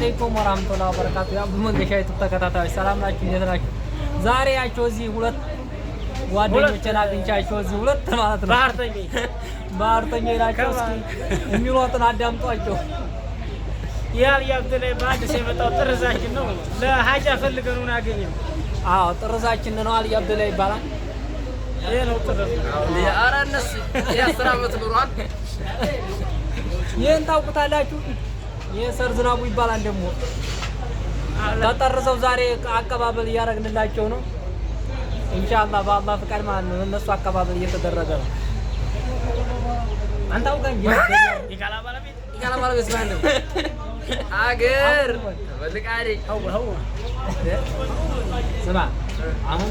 አለይኩም ወራህመቱላሂ ወበረካቱ። ያው በመንገሻ ተከታታዮች ሰላም ናችሁ? እንዴት ናችሁ? ዛሬ ያቸው እዚህ ሁለት ጓደኞቼን አግኝቻቸው እዚህ ሁለት ማለት ነው ባህርተኛ ይላቸው እስኪ የሚሮጥን አዳምጧቸው። በአዲስ የመጣው ጥርዛችን ነው። ለሀጃ ፈልገን ሆነ አገኘው። አዎ ጥርዛችን ነው። አልያ አብደላይ ይባላል። ነው ጥርዝ። እነሱ የአስር አመት ይህን ታውቁታላችሁ የሰር ዝናቡ ይባላል። ደግሞ ተጠርሰው ዛሬ አቀባበል እያደረግንላቸው ነው። ኢንሻአላህ በአላህ ፍቃድ ማለት ነው። እነሱ አቀባበል እየተደረገ ነው። አንተ አውቀኝ ይካላ ባለቤት ይካላ ባለቤት ስለአንተ አገር ተፈልቃሪ አው አው ስማ አሁን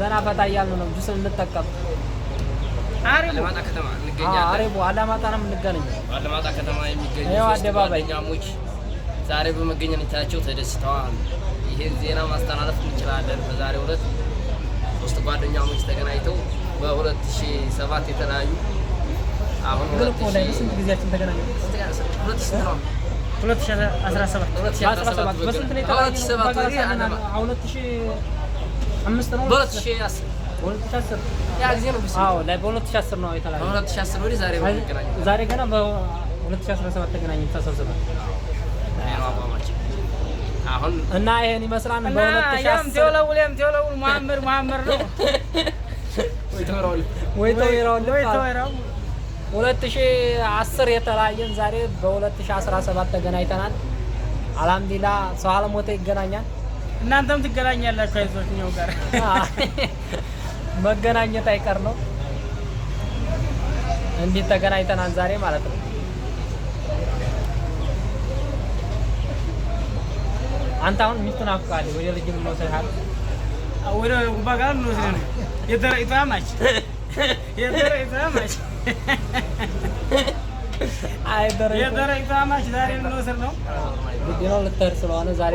ዘና ፈታ እያልን ነው ጁስን እንጠቀም። አላማጣ ከተማ አሬቦ አላማጣ ነው የምንገናኘው። አላማጣ ከተማ የሚገኙ አደባባይ ዛሬ በመገኘታቸው ተደስተዋል። ይህን ዜና ማስተላለፍ እንችላለን። በዛሬው ዕለት ሶስት ጓደኛሞች ተገናኝተው በ2007 የተለያዩ አሁን ስንት ጊዜያችን ተገናኘ? ሁለት ሺህ አስራ ሰባት በስንት ነው አምስት ነው ዛሬ ገና በ2017 ተገናኝ ተሰብስበን እና ይሄን ይመስላል። በሁለትለውለውል መሀመድ መሀመድ ነው ወይ ተወይራው ሁለት ሺህ አስር የተለያየን ዛሬ በ2017 ተገናኝተናል። አልሐምዱሊላህ ሰው አለሞተ ይገናኛል። እናንተም ትገናኛላችሁ። አይዞችኛው ጋር መገናኘት አይቀር ነው። እንዴት ተገናኝተናል ዛሬ ማለት ነው። አንተ አሁን ሚስቱን አፍቃለ ወደ ልጅ ምን ነው ወደ ጉባ ጋር ምን ነው ሰሃል የደረይቷ ማች የደረይቷ ማች አይ ደረይቷ ማች ዛሬ ምን ነው ሰሃል ነው ልትሄድ ስለሆነ ዛሬ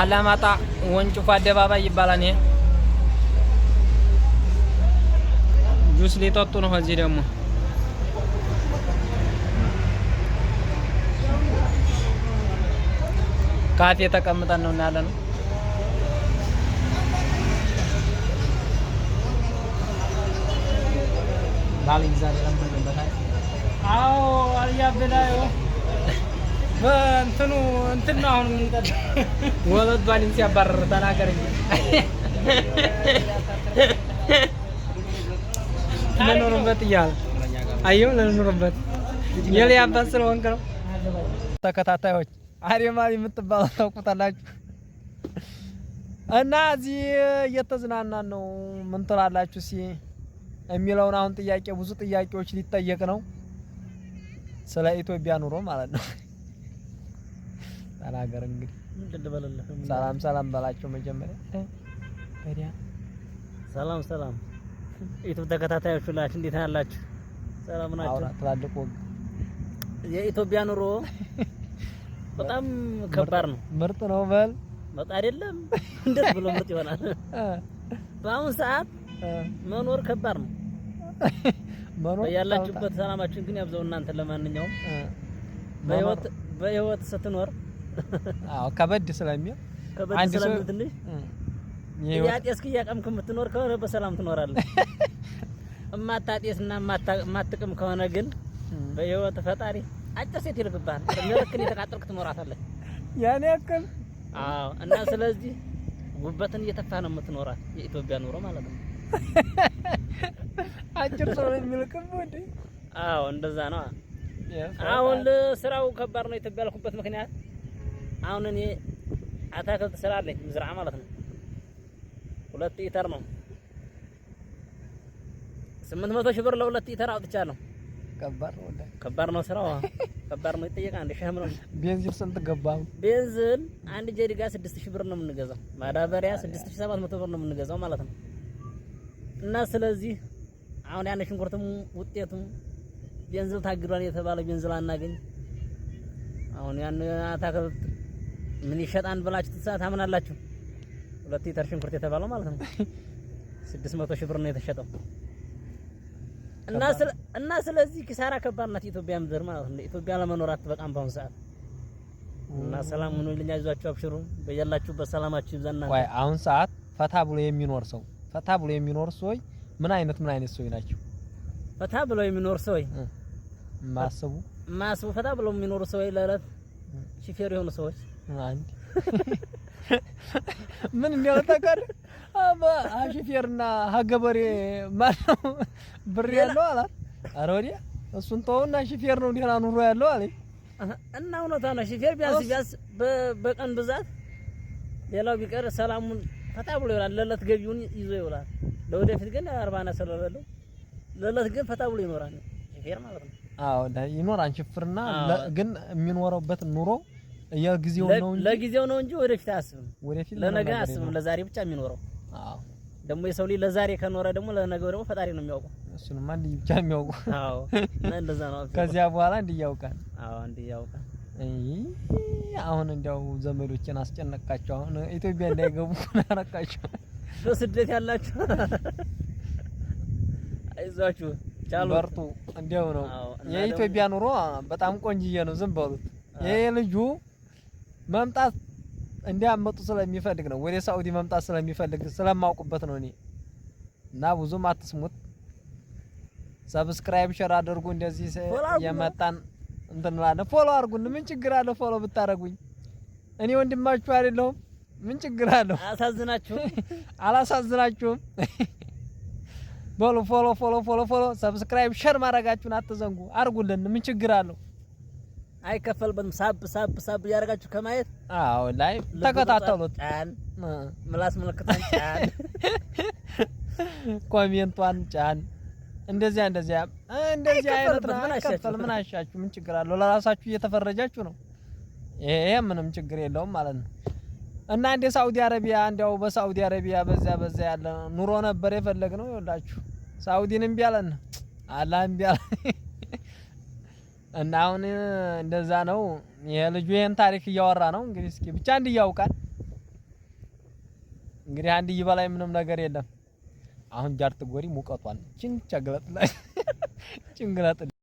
Alamata wancu fadde baba yibala ne Jusli to tuno haji de mo Kaati ta kamatan no na dan Balin zare lam ko oh. yo እንትኑ እንትን ነው። አሁን የሚጠጣ ወለዷን ሲያባረር ተናገር እንጂ ለኖርበት እያለ አየሁ ለኖርበት የል አባት ስለሆንክ ነው። ተከታታዮች አሬማ የምትባለው ታውቁታላችሁ። እና እዚህ እየተዝናናን ነው። ምን ትላላችሁ ሲ የሚለውን አሁን ጥያቄ ብዙ ጥያቄዎች ሊጠየቅ ነው። ስለ ኢትዮጵያ ኑሮ ማለት ነው። አላገር እንግዲህ ሰላም ሰላም በላቸው። መጀመሪያ ታዲያ ሰላም ሰላም ዩቱብ ተከታታዮች ሁላችሁ እንዴት አላችሁ? ሰላም ናችሁ? አውራ ትላልቅ የኢትዮጵያ ኑሮ በጣም ከባድ ነው። ምርጥ ነው በል መጣ አይደለም እንዴት ብሎ ምርጥ ይሆናል? በአሁኑ ሰዓት መኖር ከባድ ነው። መኖር ያላችሁበት ሰላማችን ግን ያብዛው እናንተ። ለማንኛውም በህይወት በህይወት ስትኖር አዎ ከበድ ስለሚል ከበድ ስለሚል ትንሽ እያጤስክ እያቀምክ የምትኖር ከሆነ በሰላም ትኖራለህ። እማታጤስና እማትቅም ከሆነ ግን በህይወት ፈጣሪ አጭር ሴት ይልክብሃል። ምልክን የተቃጠልክ ትኖራታለህ ያኔ ያክል። አዎ። እና ስለዚህ ጉበትን እየተፋ ነው የምትኖራት የኢትዮጵያ ኑሮ ማለት ነው። አጭር ሰው የሚልክም ወዴ? አዎ፣ እንደዛ ነው። አሁን ስራው ከባድ ነው ኢትዮጵያ ያልኩበት ምክንያት አሁን እኔ አታክልት ስላለኝ ምዝራ ማለት ነው ሁለት ኢተር ነው ስምንት መቶ ሺህ ብር ለሁለት ኢተር አውጥቻለሁ። ከባድ ነው ወደ ከባድ ነው ስራው ከባድ ነው። ይጠየቃ አንድ ሺህ ነው። ቤንዚን ስንት ገባው? ቤንዚን አንድ ጀሪጋ 6000 ብር ነው የምንገዛው። ማዳበሪያ 6700 ብር ነው የምንገዛው ማለት ነው። እና ስለዚህ አሁን ያን ሽንኩርቱም ውጤቱም ቤንዚን ታግዷል የተባለ ቤንዚን አናገኝ። አሁን ያን አታክልት ምን ይሸጣን ብላችሁ ትሳ ታምናላችሁ? ሁለት ሊትር ሽንኩርት የተባለው ማለት ነው 600 መቶ ሺህ ብር ነው የተሸጠው። እና ስለዚህ ኪሳራ ከባድ ናት ኢትዮጵያ ምድር ማለት ነው። ኢትዮጵያ ለመኖር አትበቃም በአሁኑ ሰዓት። እና ሰላም ሁኑ ልኛ ይዟችሁ አብሽሩ፣ በያላችሁበት ሰላማችሁ ይብዛና ወይ አሁን ሰዓት ፈታ ብሎ የሚኖር ሰው ፈታ ብሎ የሚኖር ሰዎች ምን አይነት ምን አይነት ሰዎች ናቸው? ፈታ ብሎ የሚኖር ሰዎች ማሰቡ ማሰቡ ፈታ ብሎ የሚኖሩ ሰዎች ለእለት ሺፌር የሆኑ ሰዎች ምን የሚያወጣ ቃል ሾፌርና ሀገበሬ ማነው ብር ያለው አላት። ኧረ ወዲያ እሱን ተውና ሾፌር ነው ደህና ኑሮ ያለው አለ። እና እውነቷ ነው። ሾፌር ቢያንስ ቢያንስ በቀን ብዛት ሌላው ቢቀር ሰላሙን ፈጣ ብሎ ይውላል። ለለት ገቢውን ይዞ ይውላል። ለወደፊት ግን አርባና ስለሌለው ለለት ግን ፈጣ ብሎ ይኖራል ሾፌር ማለት ነው። አዎ ይኖራል። ሽፍርና ግን የሚኖረውበት ኑሮ ያ ጊዜው ነው እንጂ ለጊዜው ነው እንጂ ወደፊት አያስብም። ወደፊት ለነገ አያስብም፣ ለዛሬ ብቻ የሚኖረው። አዎ ደግሞ የሰው ልጅ ለዛሬ ከኖረ ደግሞ ለነገ ደግሞ ፈጣሪ ነው የሚያውቁ። የሚያውቀው። ማን ልጅ ብቻ የሚያውቁ አዎ እና እንደዛ ነው። ከዚያ በኋላ እንዲህ አዎ እንዲህ እይ አሁን እንዲያው ዘመዶችን አስጨነቃቸው። አሁን ኢትዮጵያ እንዳይገቡ ናረቃቸው። በስደት ያላችሁ አይዟችሁ፣ ቻሉ፣ በርቱ። እንዲያው ነው የኢትዮጵያ ኑሮ በጣም ቆንጅዬ ነው። ዝም በሉት ይሄ ልጁ መምጣት እንዲያመጡ ስለሚፈልግ ነው። ወደ ሳኡዲ መምጣት ስለሚፈልግ ስለማውቁበት ነው እኔ እና ብዙም አትስሙት። ሰብስክራይብ ሸር አድርጉ። እንደዚህ የመጣን እንትን ፎሎ አድርጉን። ምን ችግር አለው ፎሎ ብታደርጉኝ? እኔ ወንድማችሁ አይደለሁም? ምን ችግር አለው? አላሳዝናችሁም፣ አላሳዝናችሁም። በሉ ፎሎ ፎሎ ፎሎ ፎሎ፣ ሰብስክራይብ ሸር ማድረጋችሁን አትዘንጉ። አድርጉልን። ምን ችግር አለው? አይከፈልበትም። ሳብ ሳብ ሳብ እያደረጋችሁ ከማየት አዎ፣ ላይ ተከታተሉት። ጫን ምላስ ምልክቷን ጫን፣ ኮሜንቷን ጫን፣ እንደዚያ እንደዚያ እንደዚህ አይነት አይከፈል። ምን አሻችሁ? ምን ችግር አለው? ለራሳችሁ እየተፈረጃችሁ ነው። ይሄ ምንም ችግር የለውም ማለት ነው። እና እንደ ሳውዲ አረቢያ እንዲያው በሳውዲ አረቢያ በዛ በዛ ያለ ኑሮ ነበር የፈለግ ነው። ይኸውላችሁ ሳኡዲን እምቢ አለን፣ አላህ እምቢ አለን። እና አሁን እንደዛ ነው። የልጁ ይሄን ታሪክ እያወራ ነው። እንግዲህ እስኪ ብቻ አንድዬ ያውቃል። እንግዲህ አንድ በላይ ምንም ነገር የለም። አሁን ጃርት ጎሪ ሙቀቷን ጭንቻ ገለጥላ ጭንግላጥ